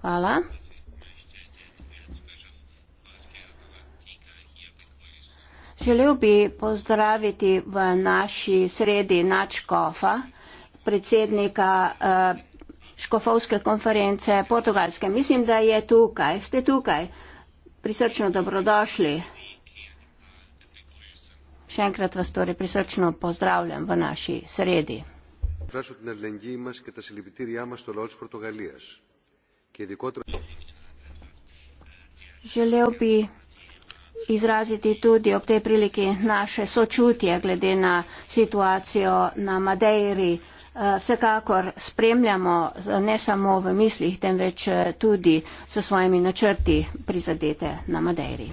Hvala. Želel bi pozdraviti v naši sredi nadškofa, predsednika eh, škofovske konference Portugalske. Mislim, da je tukaj. Ste tukaj. Prisrčno dobrodošli. Še enkrat vas torej prisrčno pozdravljam v naši sredi. Želel bi izraziti tudi ob tej priliki naše sočutje glede na situacijo na Madeiri. Eh, vsekakor spremljamo eh, ne samo v mislih, temveč eh, tudi s svojimi načrti prizadete na Madeiri.